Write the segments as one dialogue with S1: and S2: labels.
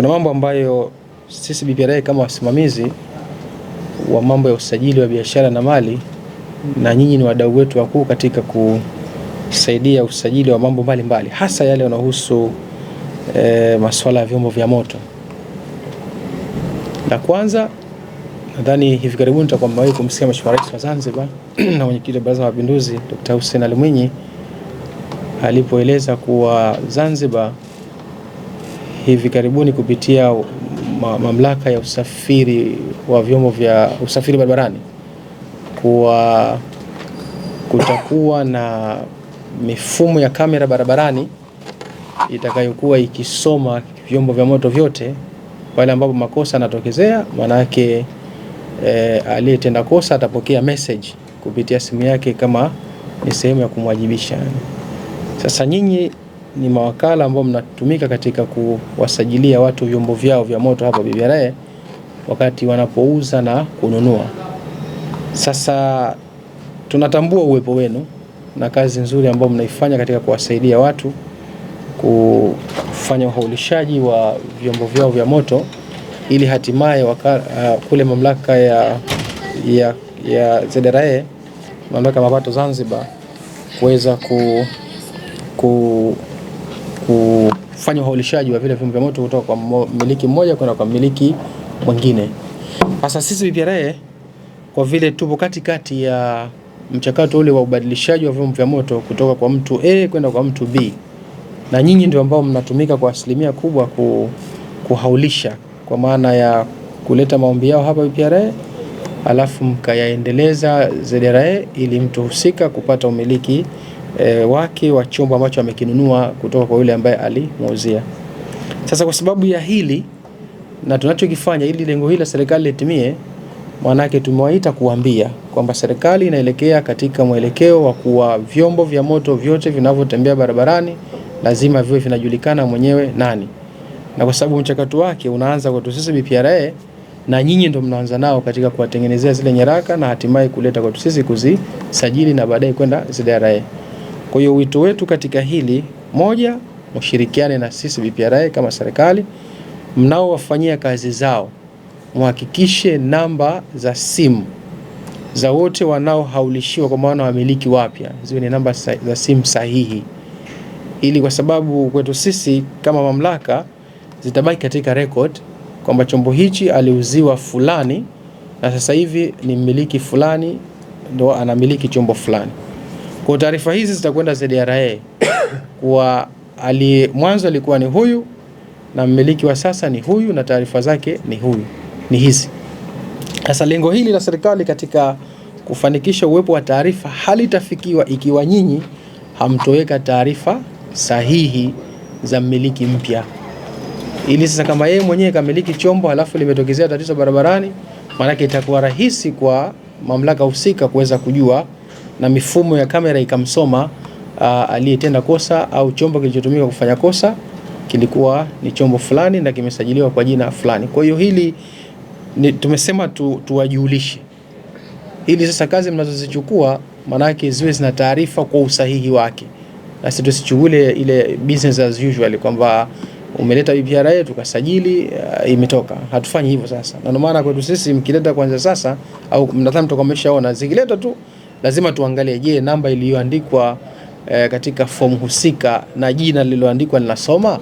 S1: Kuna mambo ambayo sisi BPRA kama wasimamizi wa mambo ya usajili wa biashara na mali, na nyinyi ni wadau wetu wakuu katika kusaidia usajili wa mambo mbalimbali mbali, hasa yale yanayohusu e, eh, masuala ya vyombo vya moto. La kwanza nadhani hivi karibuni tutakuwa mmewahi kumsikia Mheshimiwa Rais wa Zanzibar na mwenyekiti wa Baraza la Mapinduzi Dr. Hussein Ali Mwinyi alipoeleza kuwa Zanzibar hivi karibuni kupitia mamlaka ya usafiri wa vyombo vya usafiri barabarani kuwa kutakuwa na mifumo ya kamera barabarani itakayokuwa ikisoma vyombo vya moto vyote pale ambapo makosa yanatokezea. Manake e, aliyetenda kosa atapokea message kupitia simu yake kama ni sehemu ya kumwajibisha. Sasa nyinyi ni mawakala ambao mnatumika katika kuwasajilia watu vyombo vyao vya moto hapa BBRA wakati wanapouza na kununua. Sasa tunatambua uwepo wenu na kazi nzuri ambayo mnaifanya katika kuwasaidia watu kufanya uhaulishaji wa vyombo vyao vya moto ili hatimaye uh, kule mamlaka ya, ya, ya ZRA mamlaka ya mapato Zanzibar kuweza ku, ku kufanya uhaulishaji wa vile vyombo vya moto kutoka kwa mmiliki mmoja kwenda kwa mmiliki mwingine. Sasa sisi BPRA kwa vile tupo katikati ya mchakato ule wa ubadilishaji wa vyombo vya moto kutoka kwa mtu A kwenda kwa mtu B, na nyinyi ndio ambao mnatumika kwa asilimia kubwa kuhaulisha, kwa maana ya kuleta maombi yao hapa BPRA alafu mkayaendeleza ZRA ili mtu husika kupata umiliki e, wake wa chombo ambacho amekinunua kutoka kwa yule ambaye alimuuzia. Sasa kwa sababu ya hili na tunachokifanya ili lengo hili la serikali litimie, maanake tumewaita kuambia kwamba serikali inaelekea katika mwelekeo wa kuwa vyombo vya moto vyote vinavyotembea barabarani lazima viwe vinajulikana mwenyewe nani, na kwa sababu mchakato wake unaanza kwetu sisi BPRA na nyinyi ndio mnaanza nao katika kuwatengenezea zile nyaraka na hatimaye kuleta kwetu sisi kuzisajili na baadaye kwenda ZRA. Kwa hiyo wito wetu katika hili, moja, mshirikiane na sisi BPRA kama serikali, mnaowafanyia kazi zao muhakikishe namba za simu za wote wanaohaulishiwa kwa maana wamiliki wapya ziwe ni namba za simu sahihi, ili kwa sababu kwetu sisi kama mamlaka zitabaki katika record kwamba chombo hichi aliuziwa fulani na sasa hivi ni mmiliki fulani ndo anamiliki chombo fulani. Kwa taarifa hizi zitakwenda ZRA kuwa ali mwanzo alikuwa ni huyu na mmiliki wa sasa ni huyu na taarifa zake ni huyu ni hizi. Sasa lengo hili la serikali katika kufanikisha uwepo wa taarifa halitafikiwa ikiwa nyinyi hamtoweka taarifa sahihi za mmiliki mpya. Ili sasa kama yeye mwenyewe kamiliki chombo halafu limetokezea tatizo barabarani, maanake itakuwa rahisi kwa mamlaka husika kuweza kujua na mifumo ya kamera ikamsoma uh, aliyetenda kosa au chombo kilichotumika kufanya kosa kilikuwa ni chombo fulani na kimesajiliwa kwa jina fulani. Kwa hiyo hili ni, tumesema tu, tuwajulishe hili sasa. Kazi mnazozichukua manake ziwe zina taarifa kwa usahihi wake, na sisi tusichukule ile business as usual kwamba umeleta BPRA tukasajili, uh, imetoka. Hatufanyi hivyo sasa, na ndio maana kwetu sisi mkileta kwanza sasa, au mnadhani mtakuwa mmeshaona, zikileta tu lazima tuangalie, je, namba iliyoandikwa e, katika fomu husika na jina lililoandikwa linasoma?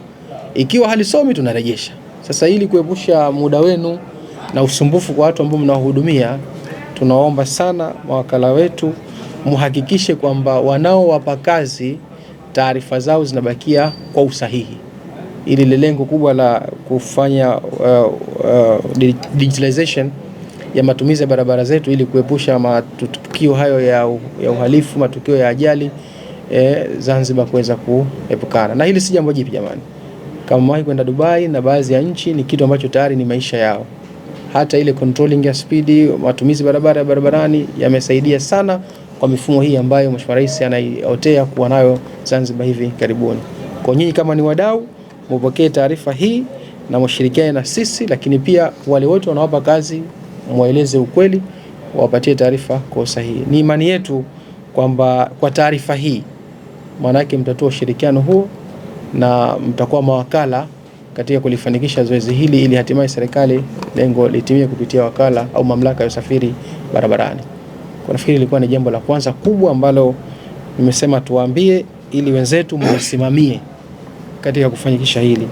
S1: Ikiwa halisomi tunarejesha. Sasa ili kuepusha muda wenu na usumbufu kwa watu ambao mnawahudumia, tunaomba sana mawakala wetu muhakikishe kwamba wanaowapa kazi taarifa zao zinabakia kwa usahihi, ili lengo kubwa la kufanya uh, uh, digitalization ya matumizi ya barabara zetu ili kuepusha matukio hayo ya, ya uhalifu, matukio ya ajali e, Zanzibar kuweza kuepukana na hili. Si jambo jipi jamani, kama mwahi kwenda Dubai na baadhi ya nchi ni kitu ambacho tayari ni maisha yao. Hata ile controlling ya speed, matumizi barabara ya barabarani yamesaidia sana kwa mifumo hii ambayo Mheshimiwa Rais anaiotea kuwa nayo Zanzibar hivi karibuni. Kwa nyinyi kama ni wadau, mupokee taarifa hii na mshirikiane na sisi, lakini pia wale wote wanaowapa kazi mwaeleze ukweli, wapatie taarifa kwa usahihi. Ni imani yetu kwamba kwa, kwa taarifa hii maanake mtatoa ushirikiano huo na mtakuwa mawakala katika kulifanikisha zoezi hili ili hatimaye serikali lengo litimie kupitia wakala au mamlaka ya usafiri barabarani. Kwa nafikiri ilikuwa ni jambo la kwanza kubwa ambalo nimesema tuwaambie ili wenzetu mlisimamie katika kufanikisha hili.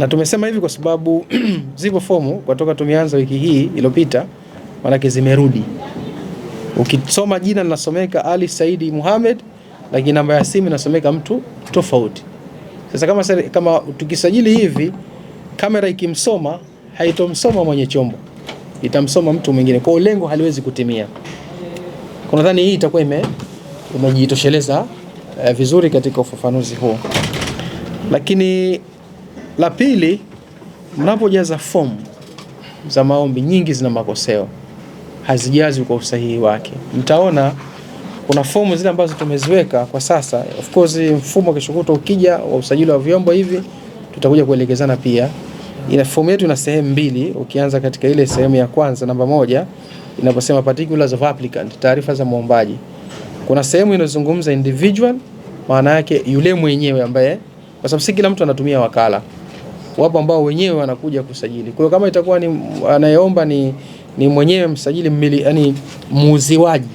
S1: Na tumesema hivi kwa sababu zipo fomu kwa toka tumeanza wiki hii iliyopita, maanake zimerudi. Ukisoma jina linasomeka Ali Saidi Muhammad, lakini namba ya simu inasomeka mtu tofauti. Sasa kama, kama tukisajili hivi, kamera ikimsoma haitomsoma mwenye chombo, itamsoma mtu mwingine, kwa lengo haliwezi kutimia. Kwa nadhani hii itakuwa ime umejitosheleza eh, vizuri katika ufafanuzi huo, lakini la pili, mnapojaza fomu za maombi, nyingi zina makoseo, hazijazi kwa usahihi wake. Mtaona kuna fomu zile ambazo tumeziweka kwa sasa. Of course mfumo wa kesho kutwa ukija wa usajili wa vyombo hivi tutakuja kuelekezana pia. Ina fomu yetu ina sehemu mbili, ukianza katika ile sehemu ya kwanza namba moja inaposema particulars of applicant, taarifa za muombaji, kuna sehemu inazungumza individual, maana yake yule mwenyewe ambaye, kwa sababu si kila mtu anatumia wakala wapo ambao wenyewe wanakuja kusajili. Kwa hiyo kama itakuwa ni anayeomba ni, ni mwenyewe msajili mmili, yani muuziwaji,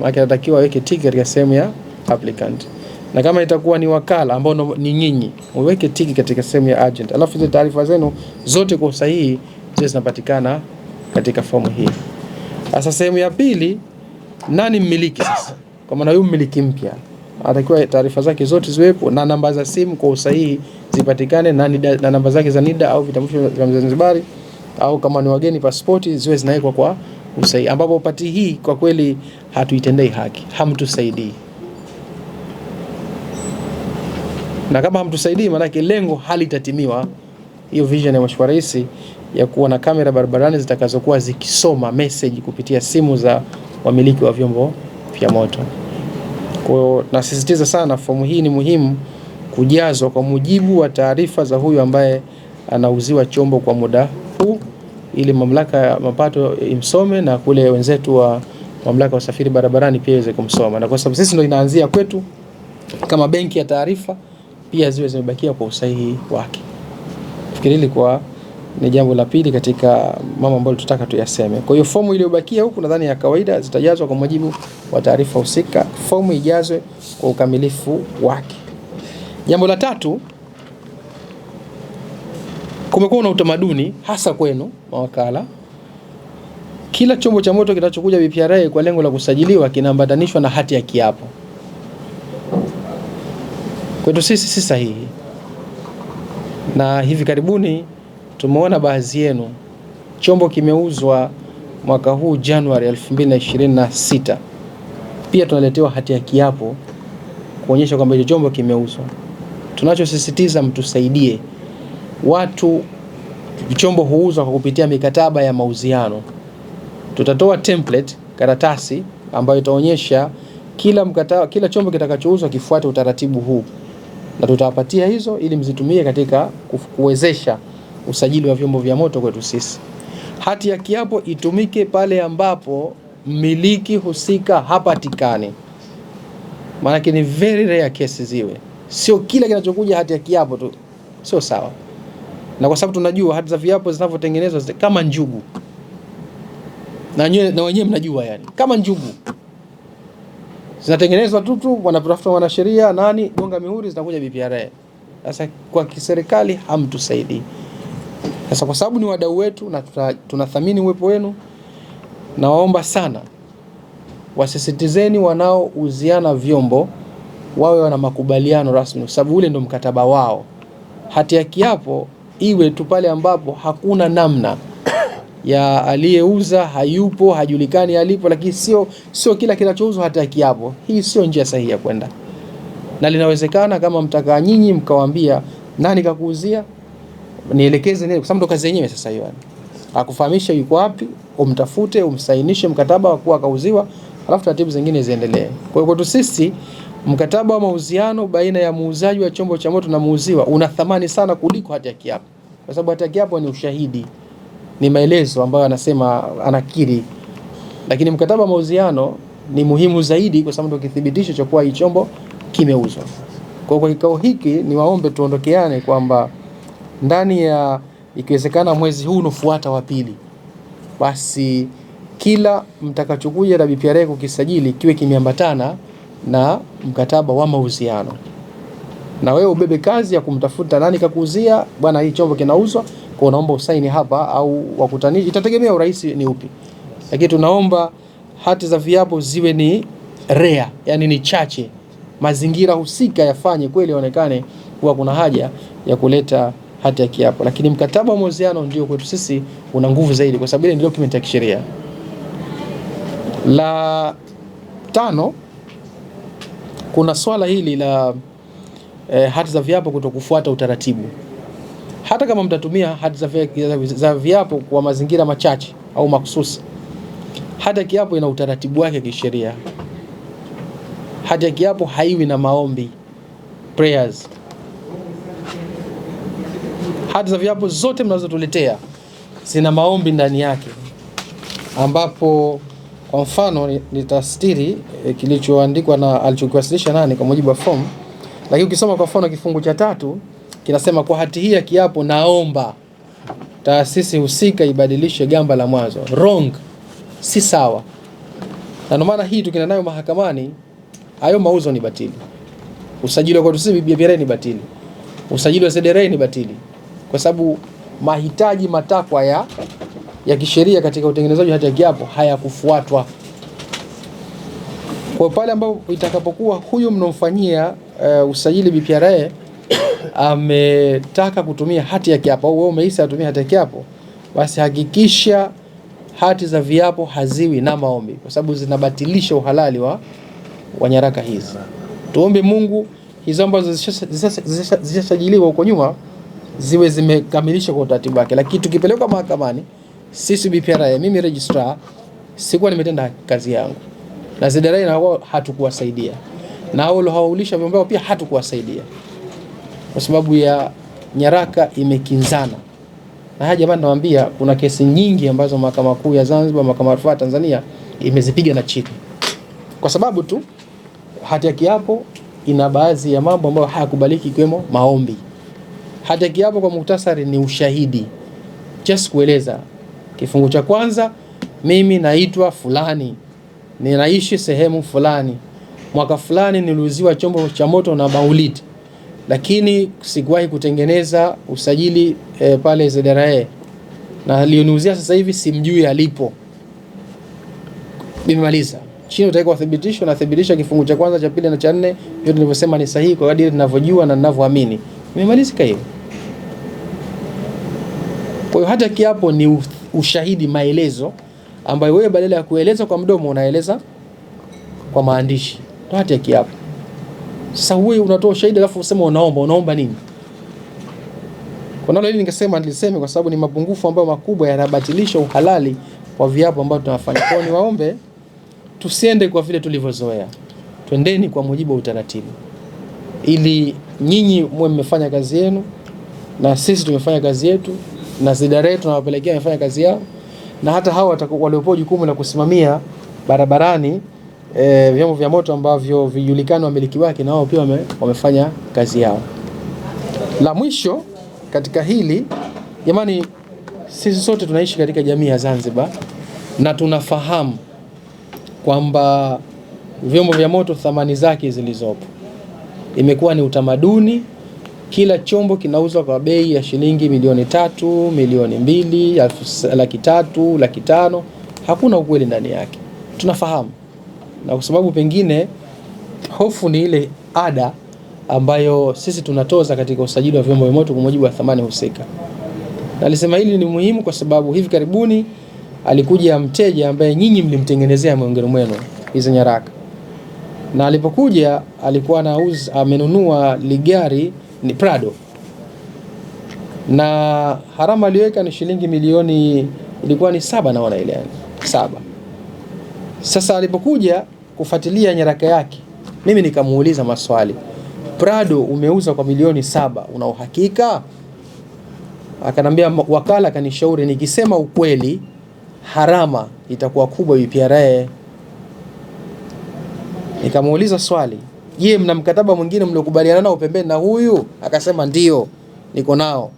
S1: maana anatakiwa aweke tiki katika sehemu ya applicant, na kama itakuwa ni wakala ambao ni nyinyi, uweke tiki katika sehemu ya agent, alafu hizo taarifa zenu zote kwa usahihi zile zinapatikana katika fomu hii. Sasa sehemu ya pili, nani mmiliki sasa? Kwa maana huyu mmiliki mpya atakiwa taarifa zake zote ziwepo na namba za simu kwa usahihi zipatikane na, nida, na namba zake za NIDA au vitambulisho vya Mzanzibari au kama ni wageni pasipoti ziwe zinawekwa kwa usahihi, ambapo pati hii kwa kweli hatuitendei haki, hamtusaidii na kama hamtusaidii, maanake lengo halitatimiwa. Hiyo vision ya Mheshimiwa Rais ya kuwa na kamera barabarani zitakazokuwa zikisoma message kupitia simu za wamiliki wa vyombo vya moto. Kwa hiyo nasisitiza sana, fomu hii ni muhimu kujazwa kwa mujibu wa taarifa za huyu ambaye anauziwa chombo kwa muda huu, ili mamlaka ya mapato imsome na kule wenzetu wa mamlaka ya usafiri barabarani pia iweze kumsoma, na kwa sababu sisi ndio inaanzia kwetu kama benki ya taarifa, pia ziwe zimebakia kwa usahihi wake. Fikiri kwa ni jambo la pili katika mambo ambayo tutaka tuyaseme. Kwa hiyo fomu iliyobakia huku nadhani ya kawaida zitajazwa kwa mujibu wa taarifa husika. Fomu ijazwe kwa ukamilifu wake. Jambo la tatu, kumekuwa na utamaduni hasa kwenu mawakala, kila chombo cha moto kinachokuja BPRA kwa lengo la kusajiliwa kinaambatanishwa na hati ya kiapo. Kwetu sisi si sahihi, na hivi karibuni tumeona baadhi yenu, chombo kimeuzwa mwaka huu Januari 2026. Pia tunaletewa hati ya kiapo kuonyesha kwamba hicho chombo kimeuzwa. Tunachosisitiza mtusaidie, watu chombo huuzwa kwa kupitia mikataba ya mauziano. Tutatoa template karatasi ambayo itaonyesha kila mkataba, kila chombo kitakachouzwa kifuate utaratibu huu, na tutawapatia hizo ili mzitumie katika kuwezesha usajili wa vyombo vya moto kwetu sisi. Hati ya kiapo itumike pale ambapo mmiliki husika hapatikani, maanake ni very rare cases ziwe, sio kila kinachokuja hati ya kiapo tu, sio sawa. Na kwa sababu tunajua hati za viapo zinavyotengenezwa kama njugu na, na wenyewe mnajua yani, kama njugu zinatengenezwa tu tu, wanatafuta wanasheria nani, gonga mihuri, zinakuja BPRA. Sasa kwa kiserikali hamtusaidii. Sasa kwa sababu ni wadau wetu na tunathamini uwepo wenu, nawaomba sana wasisitizeni wanaouziana vyombo wawe wana makubaliano rasmi, kwa sababu ule ndo mkataba wao. Hati ya kiapo iwe tu pale ambapo hakuna namna ya aliyeuza hayupo, hajulikani alipo, lakini sio sio kila kinachouzwa hata ya kiapo. Hii sio njia sahihi ya kwenda, na linawezekana kama mtakaa nyinyi mkawaambia nani kakuuzia nielekeze nini, kwa sababu ndo kazi yenyewe sasa hiyo. Yani akufahamisha yuko wapi, umtafute, umsainishe mkataba wa kuwa kauziwa, alafu taratibu zingine ziendelee. Kwa hiyo kwetu sisi mkataba wa mauziano baina ya muuzaji wa chombo cha moto na muuziwa una thamani sana kuliko hati ya kiapo, kwa sababu hati ya kiapo ni ushahidi, ni maelezo ambayo anasema anakiri, lakini mkataba wa mauziano ni muhimu zaidi, kwa sababu ndio kithibitisho cha kuwa hicho chombo kimeuzwa. Kwa kwa kikao hiki ni waombe tuondokeane kwamba ndani ya ikiwezekana mwezi huu unofuata wa pili, basi kila mtakachokuja na BPRA kukisajili kiwe kimeambatana na mkataba wa mauziano, na wewe ubebe kazi ya kumtafuta nani kakuuzia bwana, hii chombo kinauzwa kwa, unaomba usaini hapa au wakutanishe, itategemea urahisi ni upi, lakini tunaomba hati za viapo ziwe ni rare, yani ni chache. Mazingira husika yafanye kweli onekane kuwa kuna haja ya kuleta hati ya kiapo, lakini mkataba wa mauziano ndio kwetu sisi una nguvu zaidi, kwa sababu ile ndio document ya kisheria. La tano, kuna swala hili la eh, hati za viapo kutokufuata utaratibu. Hata kama mtatumia hati za viapo kwa mazingira machache au makususi, hati ya kiapo ina utaratibu wake kisheria. Hati ya kiapo haiwi na maombi prayers hati za viapo zote mnazotuletea zina maombi ndani yake, ambapo kwa mfano nitastiri e, eh, kilichoandikwa na alichokiwasilisha nani kwa mujibu wa form. Lakini ukisoma kwa mfano kifungu cha tatu kinasema, kwa hati hii ya kiapo naomba taasisi husika ibadilishe gamba la mwanzo. Wrong, si sawa, na ndio maana hii tukina nayo mahakamani. Hayo mauzo ni batili, usajili wa kwetu sisi BBR ni batili, usajili wa ZDR ni batili kwa sababu mahitaji matakwa ya, ya kisheria katika utengenezaji hati ya kiapo hayakufuatwa. Kwa pale ambapo itakapokuwa huyu mnomfanyia uh, eh, usajili BPRA ametaka kutumia hati ya kiapo au wewe umeisa atumia hati ya kiapo, basi hakikisha hati za viapo haziwi na maombi, kwa sababu zinabatilisha uhalali wa, wa nyaraka hizi. Tuombe Mungu hizo ambazo zishasajiliwa huko nyuma ziwe zimekamilishwa kwa utaratibu wake, lakini tukipelekwa mahakamani sisi BPRA, mimi registrar sikuwa nimetenda kazi yangu, na ZRA na wao hatukuwasaidia, na wao hawaulisha vyombo pia hatukuwasaidia kwa sababu ya nyaraka imekinzana. Na haya jamani, nawaambia kuna kesi nyingi ambazo mahakama kuu ya Zanzibar, mahakama rufaa Tanzania imezipiga na chini, kwa sababu tu hati ya kiapo ina baadhi ya mambo ambayo hayakubaliki ikiwemo maombi. Hata kiapo kwa muktasari ni ushahidi, just kueleza kifungu cha kwanza, mimi naitwa fulani, ninaishi sehemu fulani, mwaka fulani niliuziwa chombo cha moto na Maulid, lakini sikuwahi kutengeneza usajili e, pale ZRA na aliyoniuzia sasa hivi simjui alipo. Nimemaliza chini, utaweka uthibitisho na thibitisha kifungu cha kwanza cha pili na cha nne, vyote nilivyosema ni sahihi kwa kadiri ninavyojua na ninavyoamini. Imemalizika hiyo. Kwa hiyo hata kiapo ni ushahidi, maelezo ambayo wewe badala ya kueleza kwa mdomo unaeleza kwa maandishi. Hata kiapo sasa, wewe unatoa ushahidi alafu unasema unaomba. Unaomba nini? Kwa hili ningesema niliseme, kwa sababu ni mapungufu ambayo makubwa yanabatilisha uhalali wa viapo ambavyo tunafanya. Kwa hiyo niwaombe tusiende kwa vile tulivyozoea, twendeni kwa mujibu wa utaratibu ili nyinyi mwe mmefanya kazi yenu na sisi tumefanya kazi yetu, na idara yetu nawapelekea wamefanya kazi yao, na hata hawa waliopewa jukumu la kusimamia barabarani e, vyombo vya moto ambavyo vijulikani wamiliki wake, na wao pia wame, wamefanya kazi yao. La mwisho katika hili jamani, sisi sote tunaishi katika jamii ya Zanzibar na tunafahamu kwamba vyombo vya moto thamani zake zilizopo imekuwa ni utamaduni. Kila chombo kinauzwa kwa bei ya shilingi milioni tatu, milioni mbili, laki tatu, laki tano. Hakuna ukweli ndani yake, tunafahamu, na kwa sababu pengine hofu ni ile ada ambayo sisi tunatoza katika usajili wa vyombo vya moto kwa mujibu wa thamani husika. Nalisema hili ni muhimu kwa sababu hivi karibuni alikuja mteja ambaye nyinyi mlimtengenezea miongoni mwenu hizo nyaraka na alipokuja alikuwa anauza amenunua ligari ni Prado na harama aliyoweka ni shilingi milioni ilikuwa ni saba naona ile yani saba. Sasa alipokuja kufuatilia nyaraka yake, mimi nikamuuliza maswali, Prado umeuza kwa milioni saba, una uhakika? Akanambia wakala, akanishauri nikisema ukweli harama itakuwa kubwa BPRA Nikamuuliza swali, je, mna mkataba mwingine mliokubaliana nao pembeni na huyu? Akasema ndio, niko nao.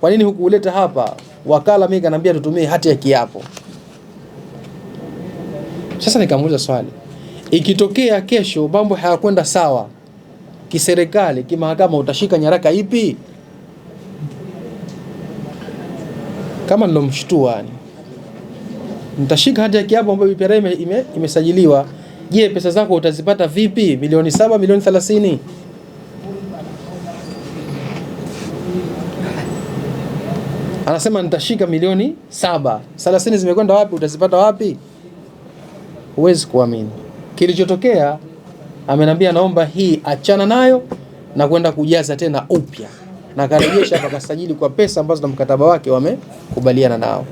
S1: Kwa nini hukuuleta hapa? Wakala mimi kanambia tutumie hati ya kiapo. Sasa nikamuuliza swali, ikitokea kesho mambo hayakwenda sawa kiserikali, kimahakama, utashika nyaraka ipi? Kama nilomshtua, nitashika hati ya kiapo ambayo BPRA imesajiliwa ime, ime Je, pesa zako utazipata vipi? Milioni saba, milioni thelathini? Anasema nitashika milioni saba, thelathini zimekwenda wapi? Utazipata wapi? Huwezi kuamini kilichotokea. Amenambia naomba hii achana nayo na kwenda kujaza tena upya, na karejesha pakasajili kwa pesa ambazo na mkataba wake wamekubaliana nao.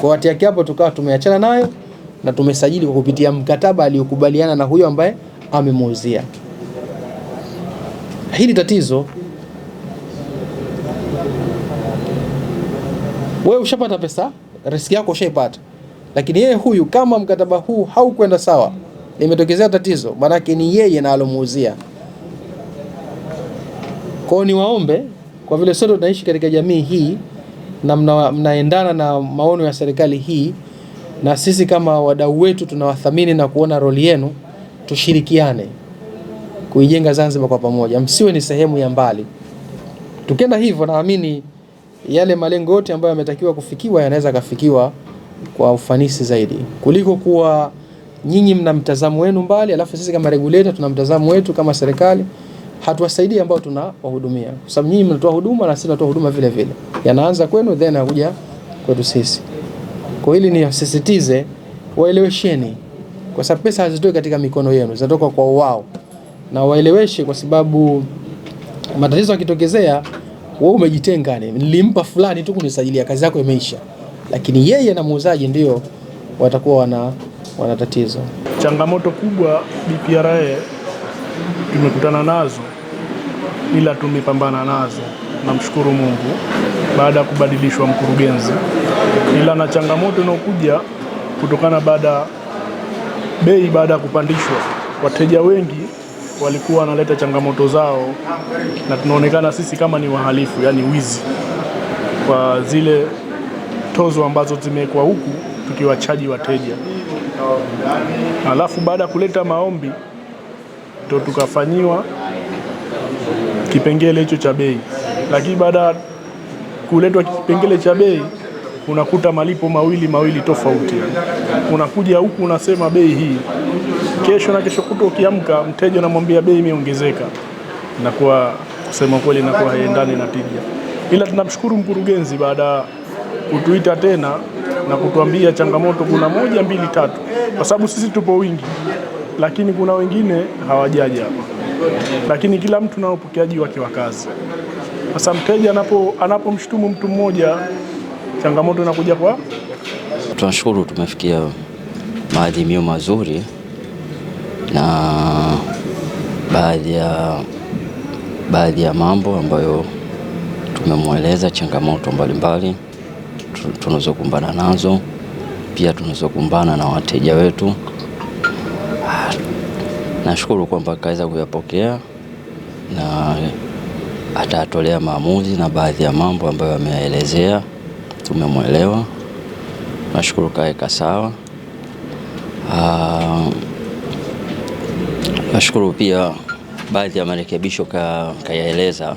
S1: Kwa wakati hapo tukawa tumeachana nayo na tumesajili kwa kupitia mkataba aliyokubaliana na huyo ambaye amemuuzia. Hili tatizo wewe ushapata pesa, riski yako ushaipata, lakini yeye huyu, kama mkataba huu haukwenda sawa, imetokezea tatizo, maanake ni yeye na alomuuzia. Kwao ni waombe, kwa vile sote tunaishi katika jamii hii na mna, mnaendana na maono ya serikali hii na sisi kama wadau wetu tunawathamini na kuona roli yenu, tushirikiane kuijenga Zanzibar kwa pamoja, msiwe ni sehemu ya mbali. Tukenda hivyo, naamini yale malengo yote ambayo yametakiwa kufikiwa yanaweza kafikiwa kwa ufanisi zaidi kuliko kuwa nyinyi mna mtazamo wenu mbali, alafu sisi kama regulator tuna mtazamo wetu kama serikali, hatuwasaidii ambao tunawahudumia, kwa sababu nyinyi mnatoa huduma na sisi tunatoa huduma vile vile, yanaanza kwenu then yanakuja kwetu sisi. Kwa hili sisitize waelewesheni, kwa sababu pesa hazitoki katika mikono yenu, zinatoka kwa wao, na waeleweshe, kwa sababu matatizo yakitokezea, wewe umejitenga, nilimpa fulani tu kunisajilia, kazi yako imeisha, lakini yeye na muuzaji ndio watakuwa wana, wana tatizo.
S2: Changamoto kubwa BPRA tumekutana nazo, ila tumepambana nazo, namshukuru Mungu baada ya kubadilishwa mkurugenzi, ila na changamoto inayokuja kutokana baada bei baada ya kupandishwa, wateja wengi walikuwa wanaleta changamoto zao, na tunaonekana sisi kama ni wahalifu, yani wizi kwa zile tozo ambazo zimewekwa huku tukiwachaji wateja. Alafu baada ya kuleta maombi ndo tukafanyiwa kipengele hicho cha bei, lakini baada kuletwa kipengele cha bei, unakuta malipo mawili mawili tofauti. Unakuja huku unasema bei hii, kesho na kesho kutwa ukiamka, mteja unamwambia bei imeongezeka, na kwa kusema kweli kwa haiendani na tija. Ila tunamshukuru mkurugenzi baada ya kutuita tena na kutuambia changamoto kuna moja mbili tatu, kwa sababu sisi tupo wingi, lakini kuna wengine hawajaja hapa, lakini kila mtu na upokeaji wake wa kazi. Sasa mteja anapo anapomshutumu mtu mmoja, changamoto inakuja kwa.
S3: Tunashukuru tumefikia maadhimio mazuri na baadhi ya baadhi ya mambo ambayo tumemweleza, changamoto mbalimbali tunazokumbana nazo, pia tunazokumbana na wateja wetu. Ah, nashukuru kwamba kaweza kuyapokea na atatolea maamuzi na baadhi ya mambo ambayo ameyaelezea tumemwelewa. Nashukuru kaweka sawa. Ah, nashukuru pia baadhi ya marekebisho kayaeleza,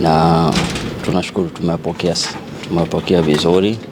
S3: na tunashukuru tumepokea tumepokea vizuri.